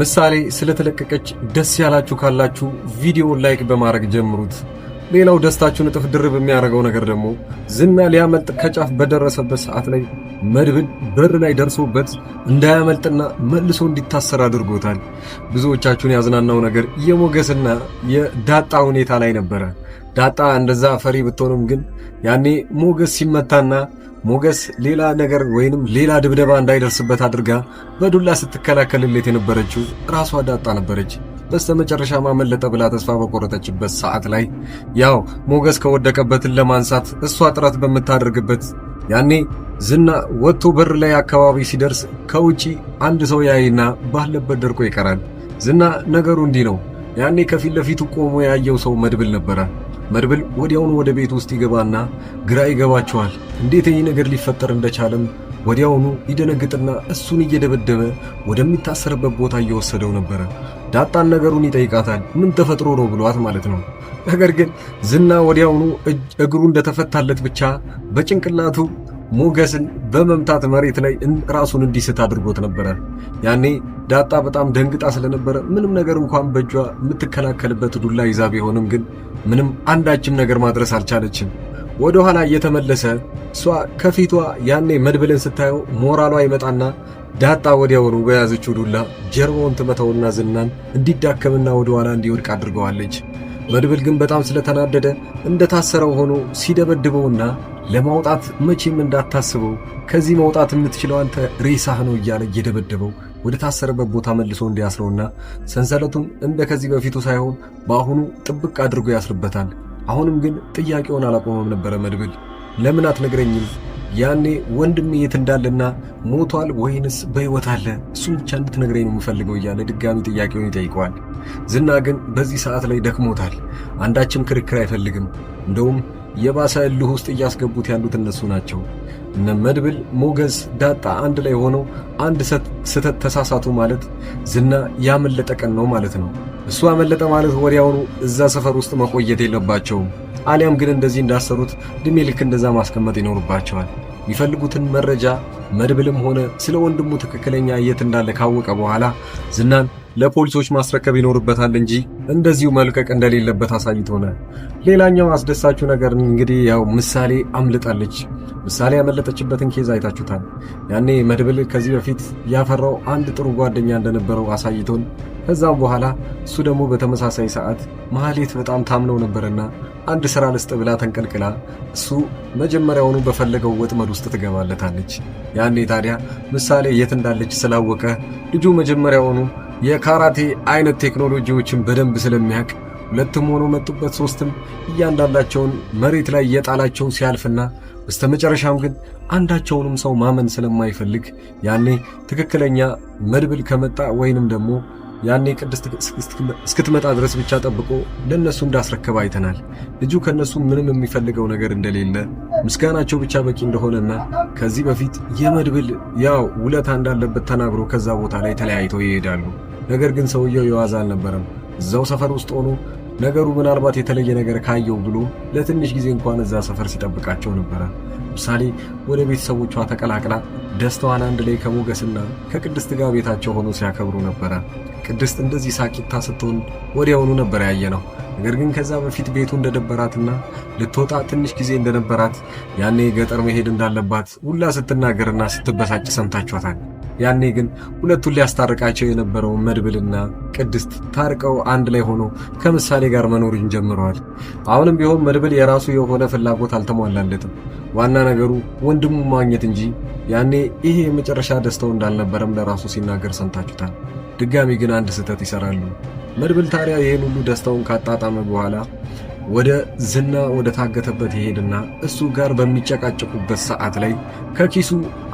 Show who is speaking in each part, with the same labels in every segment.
Speaker 1: ምሳሌ ስለተለቀቀች ደስ ያላችሁ ካላችሁ ቪዲዮ ላይክ በማድረግ ጀምሩት። ሌላው ደስታችሁን እጥፍ ድርብ የሚያደርገው ነገር ደግሞ ዝና ሊያመልጥ ከጫፍ በደረሰበት ሰዓት ላይ መድብን በር ላይ ደርሶበት እንዳያመልጥና መልሶ እንዲታሰር አድርጎታል። ብዙዎቻችሁን ያዝናናው ነገር የሞገስና የዳጣ ሁኔታ ላይ ነበረ። ዳጣ እንደዛ ፈሪ ብትሆንም ግን ያኔ ሞገስ ሲመታና ሞገስ ሌላ ነገር ወይንም ሌላ ድብደባ እንዳይደርስበት አድርጋ በዱላ ስትከላከልለት የነበረችው ራሷ ዳጣ ነበረች። በስተ መጨረሻ ማመለጠ ብላ ተስፋ በቆረጠችበት ሰዓት ላይ ያው ሞገስ ከወደቀበትን ለማንሳት እሷ ጥረት በምታደርግበት ያኔ ዝና ወጥቶ በር ላይ አካባቢ ሲደርስ ከውጪ አንድ ሰው ያይና ባለበት ደርቆ ይቀራል። ዝና ነገሩ እንዲህ ነው። ያኔ ከፊት ለፊቱ ቆሞ ያየው ሰው መድብል ነበረ። መድብል ወዲያውኑ ወደ ቤት ውስጥ ይገባና ግራ ይገባቸዋል። እንዴት ይህ ነገር ሊፈጠር እንደቻለም ወዲያውኑ ይደነግጥና እሱን እየደበደበ ወደሚታሰርበት ቦታ እየወሰደው ነበረ። ዳጣን ነገሩን ይጠይቃታል። ምን ተፈጥሮ ነው ብሏት ማለት ነው። ነገር ግን ዝና ወዲያውኑ እግሩ እንደተፈታለት ብቻ በጭንቅላቱ ሞገስን በመምታት መሬት ላይ ራሱን እንዲስት አድርጎት ነበረ። ያኔ ዳጣ በጣም ደንግጣ ስለነበረ ምንም ነገር እንኳን በእጇ የምትከላከልበት ዱላ ይዛ ቢሆንም ግን ምንም አንዳችም ነገር ማድረስ አልቻለችም። ወደ ኋላ እየተመለሰ እሷ ከፊቷ ያኔ መድብልን ስታየው ሞራሏ ይመጣና ዳጣ ወዲያውኑ በያዘችው ዱላ ጀርባውን ትመታውና ዝናን እንዲዳከምና ወደ ኋላ እንዲወድቅ አድርገዋለች። መድብል ግን በጣም ስለተናደደ እንደታሰረው ሆኖ ሲደበድበውና ለማውጣት መቼም እንዳታስበው ከዚህ መውጣት የምትችለው አንተ ሬሳህ ነው እያለ እየደበደበው ወደ ታሰረበት ቦታ መልሶ እንዲያስረውና ሰንሰለቱን እንደ ከዚህ በፊቱ ሳይሆን በአሁኑ ጥብቅ አድርጎ ያስርበታል። አሁንም ግን ጥያቄውን አላቆመም ነበረ መድብል ለምን አትነግረኝም ያኔ ወንድም የት እንዳለና ሞቷል ወይንስ በሕይወት አለ እሱን ብቻ እንድትነግረኝ ነው የምፈልገው እያለ ድጋሚ ጥያቄውን ይጠይቀዋል። ዝና ግን በዚህ ሰዓት ላይ ደክሞታል። አንዳችም ክርክር አይፈልግም። እንደውም የባሰ እልህ ውስጥ እያስገቡት ያሉት እነሱ ናቸው። እነ መድብል፣ ሞገስ፣ ዳጣ አንድ ላይ ሆነው አንድ ስህተት ተሳሳቱ ማለት ዝና ያመለጠ ቀን ነው ማለት ነው። እሱ አመለጠ ማለት ወዲያውኑ እዛ ሰፈር ውስጥ መቆየት የለባቸውም። አሊያም ግን እንደዚህ እንዳሰሩት ዕድሜ ልክ እንደዛ ማስቀመጥ ይኖርባቸዋል። የሚፈልጉትን መረጃ መድብልም ሆነ ስለ ወንድሙ ትክክለኛ የት እንዳለ ካወቀ በኋላ ዝናን ለፖሊሶች ማስረከብ ይኖርበታል እንጂ እንደዚሁ መልቀቅ እንደሌለበት ሆነ። ሌላኛው አስደሳቹ ነገር እንግዲህ ያው ምሳሌ አምልጣለች። ምሳሌ ያመለጠችበትን ኬዝ አይታችሁታል። ያኔ መድብል ከዚህ በፊት ያፈራው አንድ ጥሩ ጓደኛ እንደነበረው አሳይቶን ከዛ በኋላ እሱ ደግሞ በተመሳሳይ ሰዓት መሐሌት በጣም ታምነው ነበርና አንድ ስራ ልስጥ ብላ ተንቀልቅላ እሱ መጀመሪያውኑ በፈለገው ወጥመድ ውስጥ ትገባለታለች። ያኔ ታዲያ ምሳሌ የት እንዳለች ስላወቀ ልጁ መጀመሪያውኑ የካራቴ አይነት ቴክኖሎጂዎችን በደንብ ስለሚያውቅ ሁለትም ሆኖ መጡበት ሶስትም እያንዳንዳቸውን መሬት ላይ የጣላቸው ሲያልፍና በስተመጨረሻም ግን አንዳቸውንም ሰው ማመን ስለማይፈልግ ያኔ ትክክለኛ መድብል ከመጣ ወይንም ደግሞ ያኔ ቅድስት እስክትመጣ ድረስ ብቻ ጠብቆ ለእነሱ እንዳስረከበ አይተናል። ልጁ ከእነሱ ምንም የሚፈልገው ነገር እንደሌለ ምስጋናቸው ብቻ በቂ እንደሆነና ከዚህ በፊት የመድብል ያው ውለታ እንዳለበት ተናግሮ ከዛ ቦታ ላይ ተለያይተው ይሄዳሉ። ነገር ግን ሰውየው የዋዛ አልነበረም። እዛው ሰፈር ውስጥ ሆኖ ነገሩ ምናልባት የተለየ ነገር ካየው ብሎ ለትንሽ ጊዜ እንኳን እዛ ሰፈር ሲጠብቃቸው ነበረ። ምሳሌ ወደ ቤተሰቦቿ ተቀላቅላ ደስታዋን አንድ ላይ ከሞገስና ከቅድስት ጋር ቤታቸው ሆኖ ሲያከብሩ ነበረ። ቅድስት እንደዚህ ሳቂታ ስትሆን ወዲያውኑ ነበር ያየ ነው። ነገር ግን ከዛ በፊት ቤቱ እንደደበራትና ልትወጣ ትንሽ ጊዜ እንደነበራት ያኔ ገጠር መሄድ እንዳለባት ሁላ ስትናገርና ስትበሳጭ ሰምታችኋታል። ያኔ ግን ሁለቱን ሊያስታርቃቸው የነበረው መድብልና ቅድስት ታርቀው አንድ ላይ ሆኖ ከምሳሌ ጋር መኖሩን ጀምረዋል። አሁንም ቢሆን መድብል የራሱ የሆነ ፍላጎት አልተሟላለትም። ዋና ነገሩ ወንድሙ ማግኘት እንጂ ያኔ ይሄ የመጨረሻ ደስታው እንዳልነበረም ለራሱ ሲናገር ሰምታችሁታል። ድጋሚ ግን አንድ ስህተት ይሰራሉ። መድብል ታዲያ ይህን ሁሉ ደስታውን ካጣጣመ በኋላ ወደ ዝና ወደ ታገተበት ይሄድና እሱ ጋር በሚጨቃጨቁበት ሰዓት ላይ ከኪሱ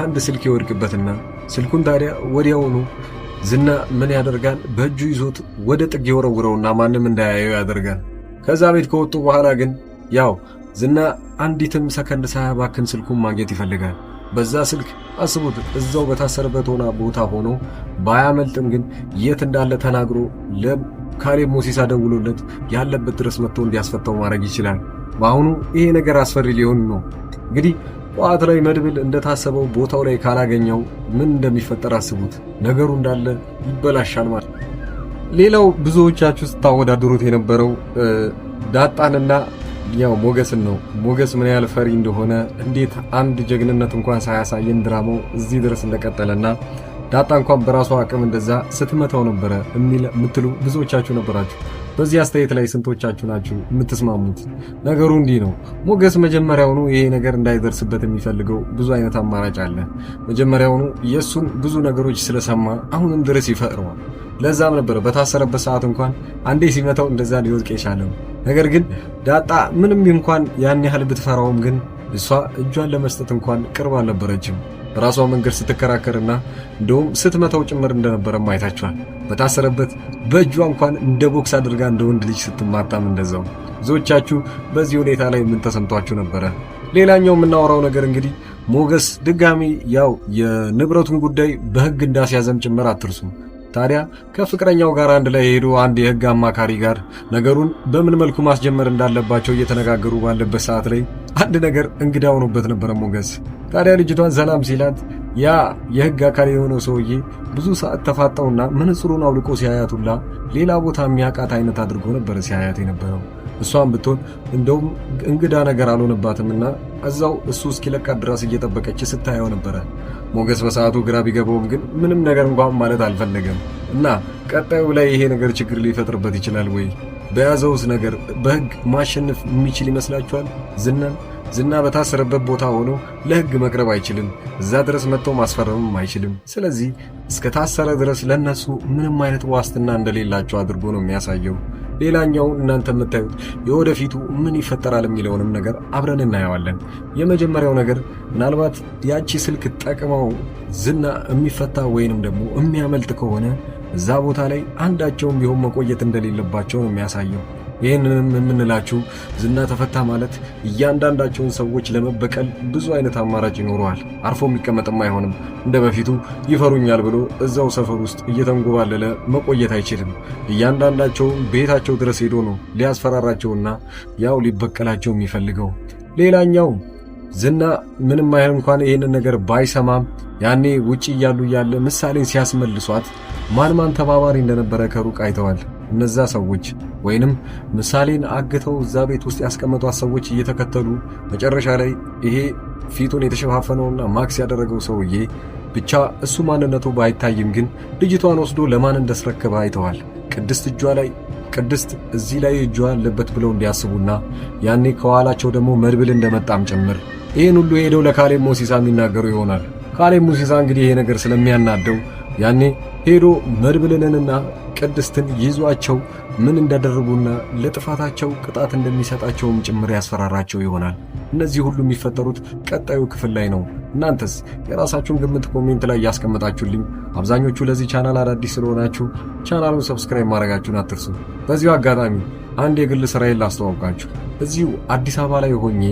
Speaker 1: አንድ ስልክ ይወድቅበትና ስልኩን ታዲያ ወዲያውኑ ዝና ምን ያደርጋል? በእጁ ይዞት ወደ ጥግ የወረውረውና ማንም እንዳያየው ያደርጋል። ከዛ ቤት ከወጡ በኋላ ግን ያው ዝና አንዲትም ሰከንድ ሳያባክን ስልኩን ማግኘት ይፈልጋል። በዛ ስልክ አስቡት፣ እዛው በታሰረበት ሆና ቦታ ሆኖ ባያመልጥም ግን የት እንዳለ ተናግሮ ለካሌብ ሞሲሳ ደውሎለት ያለበት ድረስ መጥቶ እንዲያስፈታው ማድረግ ይችላል። በአሁኑ ይሄ ነገር አስፈሪ ሊሆን ነው እንግዲህ ጠዋት ላይ መድብል እንደታሰበው ቦታው ላይ ካላገኘው ምን እንደሚፈጠር አስቡት። ነገሩ እንዳለ ይበላሻል ማለት ነው። ሌላው ብዙዎቻችሁ ስታወዳድሩት የነበረው ዳጣንና ያው ሞገስን ነው። ሞገስ ምን ያህል ፈሪ እንደሆነ እንዴት አንድ ጀግንነት እንኳን ሳያሳየን ድራማው እዚህ ድረስ እንደቀጠለና ዳጣ እንኳን በራሷ አቅም እንደዛ ስትመታው ነበረ የሚል የምትሉ ብዙዎቻችሁ ነበራችሁ። በዚህ አስተያየት ላይ ስንቶቻችሁ ናችሁ የምትስማሙት? ነገሩ እንዲህ ነው። ሞገስ መጀመሪያውኑ ይሄ ነገር እንዳይደርስበት የሚፈልገው ብዙ አይነት አማራጭ አለ። መጀመሪያውኑ የእሱን ብዙ ነገሮች ስለሰማ አሁንም ድረስ ይፈቅረዋል። ለዛም ነበረ በታሰረበት ሰዓት እንኳን አንዴ ሲመታው እንደዛ ሊወድቅ የቻለው። ነገር ግን ዳጣ ምንም እንኳን ያን ያህል ብትፈራውም ግን እሷ እጇን ለመስጠት እንኳን ቅርብ አልነበረችም። በራሷ መንገድ ስትከራከርና እንደውም ስትመታው ጭምር እንደነበረ አይታችኋል። በታሰረበት በእጇ እንኳን እንደ ቦክስ አድርጋ እንደ ወንድ ልጅ ስትማጣም እንደዛው። ብዙዎቻችሁ በዚህ ሁኔታ ላይ ምን ተሰምቷችሁ ነበረ? ሌላኛው የምናወራው ነገር እንግዲህ ሞገስ ድጋሚ ያው የንብረቱን ጉዳይ በሕግ እንዳስያዘም ጭምር አትርሱም። ታዲያ ከፍቅረኛው ጋር አንድ ላይ የሄዱ አንድ የህግ አማካሪ ጋር ነገሩን በምን መልኩ ማስጀመር እንዳለባቸው እየተነጋገሩ ባለበት ሰዓት ላይ አንድ ነገር እንግዳ ሆኖበት ነበረ ሞገስ። ታዲያ ልጅቷን ሰላም ሲላት ያ የህግ አካል የሆነው ሰውዬ ብዙ ሰዓት ተፋጠውና መነጽሩን አውልቆ ሲያያቱላ ሌላ ቦታ የሚያውቃት አይነት አድርጎ ነበረ ሲያያት የነበረው። እሷም ብትሆን እንደውም እንግዳ ነገር አልሆነባትምና እዛው እሱ እስኪለቃ ድረስ እየጠበቀች ስታየው ነበረ። ሞገስ በሰዓቱ ግራ ቢገባውም ግን ምንም ነገር እንኳን ማለት አልፈለገም እና ቀጣዩ ላይ ይሄ ነገር ችግር ሊፈጥርበት ይችላል ወይ? በያዘውስ ነገር በህግ ማሸነፍ የሚችል ይመስላችኋል? ዝናን ዝና በታሰረበት ቦታ ሆኖ ለህግ መቅረብ አይችልም። እዛ ድረስ መጥቶ ማስፈረምም አይችልም። ስለዚህ እስከ ታሰረ ድረስ ለእነሱ ምንም አይነት ዋስትና እንደሌላቸው አድርጎ ነው የሚያሳየው። ሌላኛው እናንተ የምታዩት የወደፊቱ ምን ይፈጠራል የሚለውንም ነገር አብረን እናየዋለን። የመጀመሪያው ነገር ምናልባት ያቺ ስልክ ጠቅመው ዝና የሚፈታ ወይንም ደግሞ የሚያመልጥ ከሆነ እዛ ቦታ ላይ አንዳቸውም ቢሆን መቆየት እንደሌለባቸው ነው የሚያሳየው። ይህንንም የምንላችሁ ዝና ተፈታ ማለት እያንዳንዳቸውን ሰዎች ለመበቀል ብዙ አይነት አማራጭ ይኖረዋል። አርፎ የሚቀመጥም አይሆንም። እንደ በፊቱ ይፈሩኛል ብሎ እዛው ሰፈር ውስጥ እየተንጎባለለ መቆየት አይችልም። እያንዳንዳቸውን ቤታቸው ድረስ ሄዶ ነው ሊያስፈራራቸውና ያው ሊበቀላቸው የሚፈልገው። ሌላኛው ዝና ምንም ያህል እንኳን ይህንን ነገር ባይሰማም ያኔ ውጭ እያሉ እያለ ምሳሌን ሲያስመልሷት ማን ማን ተባባሪ እንደነበረ ከሩቅ አይተዋል። እነዛ ሰዎች ወይንም ምሳሌን አግተው እዛ ቤት ውስጥ ያስቀመጧት ሰዎች እየተከተሉ መጨረሻ ላይ ይሄ ፊቱን የተሸፋፈነውና ማክስ ያደረገው ሰውዬ ብቻ እሱ ማንነቱ ባይታይም ግን ልጅቷን ወስዶ ለማን እንዳስረከበ አይተዋል። ቅድስት እጇ ላይ ቅድስት እዚህ ላይ እጇ አለበት ብለው እንዲያስቡና ያኔ ከኋላቸው ደግሞ መድብል እንደመጣም ጭምር ይህን ሁሉ ሄደው ለካሌብ ሙሲሳ የሚናገሩ ይሆናል። ካሌብ ሙሲሳ እንግዲህ ይሄ ነገር ስለሚያናደው ያኔ ሄዶ መድብልንንና ቅድስትን ይዟቸው ምን እንዳደረጉና ለጥፋታቸው ቅጣት እንደሚሰጣቸውም ጭምር ያስፈራራቸው ይሆናል። እነዚህ ሁሉ የሚፈጠሩት ቀጣዩ ክፍል ላይ ነው። እናንተስ የራሳችሁን ግምት ኮሜንት ላይ እያስቀመጣችሁልኝ፣ አብዛኞቹ ለዚህ ቻናል አዳዲስ ስለሆናችሁ ቻናሉን ሰብስክራይብ ማድረጋችሁን አትርሱ። በዚሁ አጋጣሚ አንድ የግል ስራዬን ላስተዋውቃችሁ። እዚሁ አዲስ አበባ ላይ ሆኜ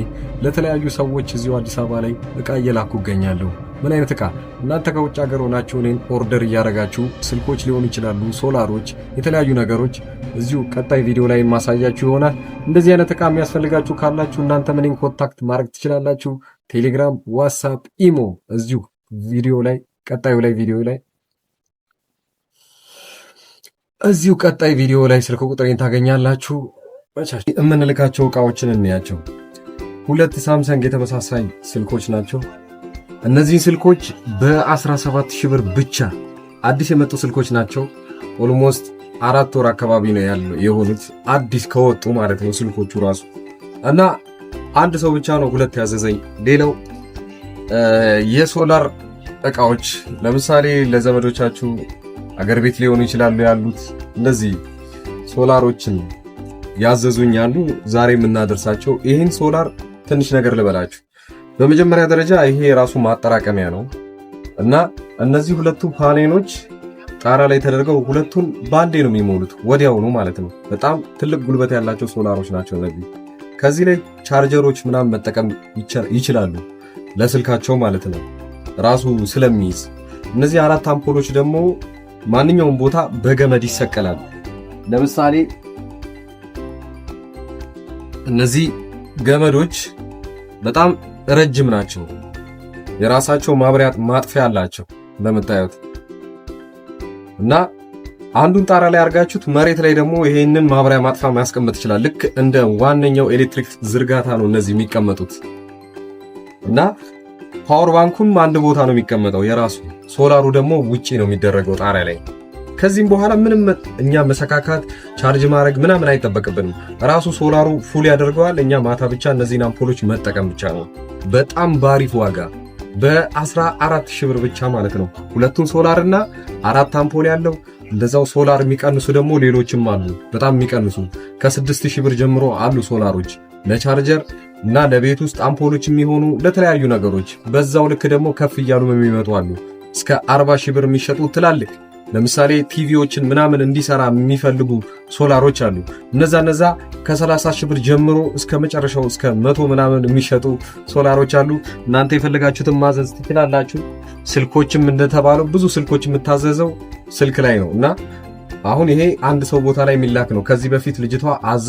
Speaker 1: ለተለያዩ ሰዎች እዚሁ አዲስ አበባ ላይ እቃ እየላኩ እገኛለሁ። ምን አይነት እቃ? እናንተ ከውጭ ሀገር ሆናችሁ እኔን ኦርደር እያደረጋችሁ ስልኮች ሊሆኑ ይችላሉ፣ ሶላሮች፣ የተለያዩ ነገሮች እዚሁ ቀጣይ ቪዲዮ ላይ የማሳያችሁ ይሆናል። እንደዚህ አይነት እቃ የሚያስፈልጋችሁ ካላችሁ እናንተ እኔን ኮንታክት ማድረግ ትችላላችሁ። ቴሌግራም፣ ዋትሳፕ፣ ኢሞ እዚሁ ቪዲዮ ላይ ቀጣዩ ላይ ቪዲዮ ላይ እዚሁ ቀጣይ ቪዲዮ ላይ ስልክ ቁጥሬን ታገኛላችሁ። የምንልካቸው እቃዎችን እንያቸው። ሁለት ሳምሰንግ የተመሳሳይ ስልኮች ናቸው። እነዚህን ስልኮች በ17000 ብር ብቻ አዲስ የመጡ ስልኮች ናቸው። ኦልሞስት አራት ወር አካባቢ ነው ያለው የሆኑት አዲስ ከወጡ ማለት ነው ስልኮቹ ራሱ እና አንድ ሰው ብቻ ነው ሁለት ያዘዘኝ። ሌላው የሶላር እቃዎች ለምሳሌ ለዘመዶቻችሁ አገር ቤት ሊሆኑ ይችላሉ ያሉት እነዚህ ሶላሮችን ያዘዙኝ ዛሬ የምናደርሳቸው ይህን ሶላር ትንሽ ነገር ልበላችሁ በመጀመሪያ ደረጃ ይሄ የራሱ ማጠራቀሚያ ነው እና እነዚህ ሁለቱ ፓኔሎች ጣራ ላይ ተደርገው ሁለቱን ባንዴ ነው የሚሞሉት፣ ወዲያውኑ ማለት ነው። በጣም ትልቅ ጉልበት ያላቸው ሶላሮች ናቸው እነዚህ። ከዚህ ላይ ቻርጀሮች ምናምን መጠቀም ይችላሉ፣ ለስልካቸው ማለት ነው ራሱ ስለሚይዝ። እነዚህ አራት አምፖሎች ደግሞ ማንኛውም ቦታ በገመድ ይሰቀላል። ለምሳሌ እነዚህ ገመዶች በጣም ረጅም ናቸው። የራሳቸው ማብሪያ ማጥፊያ አላቸው እንደምታዩት እና አንዱን ጣራ ላይ አድርጋችሁት መሬት ላይ ደግሞ ይሄንን ማብሪያ ማጥፊያ ማስቀመጥ ይችላል። ልክ እንደ ዋነኛው ኤሌክትሪክ ዝርጋታ ነው እነዚህ የሚቀመጡት እና ፓወር ባንኩም አንድ ቦታ ነው የሚቀመጠው የራሱ ሶላሩ ደግሞ ውጪ ነው የሚደረገው ጣሪያ ላይ። ከዚህም በኋላ ምንም እኛ መሰካካት ቻርጅ ማድረግ ምናምን አይጠበቅብንም። ራሱ ሶላሩ ፉል ያደርገዋል። እኛ ማታ ብቻ እነዚህን አምፖሎች መጠቀም ብቻ ነው። በጣም ባሪፍ ዋጋ በ14 ሺህ ብር ብቻ ማለት ነው። ሁለቱን ሶላር እና አራት አምፖል ያለው እንደዛው ሶላር የሚቀንሱ ደግሞ ሌሎችም አሉ። በጣም የሚቀንሱ ከ6000 ብር ጀምሮ አሉ ሶላሮች ለቻርጀር እና ለቤት ውስጥ አምፖሎች የሚሆኑ ለተለያዩ ነገሮች። በዛው ልክ ደግሞ ከፍ እያሉ የሚመጡ አሉ። እስከ 40 ሺህ ብር የሚሸጡ ትላልቅ ለምሳሌ ቲቪዎችን ምናምን እንዲሰራ የሚፈልጉ ሶላሮች አሉ። እነዛ እነዛ ከ30 ሺህ ብር ጀምሮ እስከ መጨረሻው እስከ መቶ ምናምን የሚሸጡ ሶላሮች አሉ። እናንተ የፈለጋችሁትን ማዘዝ ትችላላችሁ። ስልኮችም እንደተባለው ብዙ ስልኮች የምታዘዘው ስልክ ላይ ነው እና አሁን ይሄ አንድ ሰው ቦታ ላይ የሚላክ ነው። ከዚህ በፊት ልጅቷ አዛ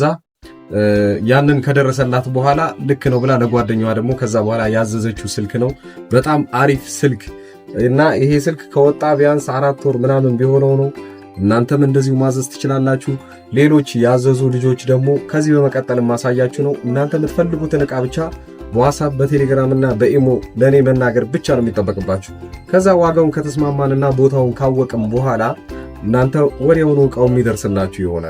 Speaker 1: ያንን ከደረሰላት በኋላ ልክ ነው ብላ ለጓደኛዋ ደግሞ ከዛ በኋላ ያዘዘችው ስልክ ነው። በጣም አሪፍ ስልክ እና ይሄ ስልክ ከወጣ ቢያንስ አራት ወር ምናምን ቢሆነው ነው። እናንተም እንደዚሁ ማዘዝ ትችላላችሁ። ሌሎች ያዘዙ ልጆች ደግሞ ከዚህ በመቀጠል ማሳያችሁ ነው። እናንተ የምትፈልጉትን እቃ ብቻ በዋትሳፕ በቴሌግራም እና በኢሞ ለእኔ መናገር ብቻ ነው የሚጠበቅባችሁ። ከዛ ዋጋውን ከተስማማንና ቦታውን ካወቅም በኋላ እናንተ ወዲያውኑ ዕቃው የሚደርስላችሁ ይሆናል።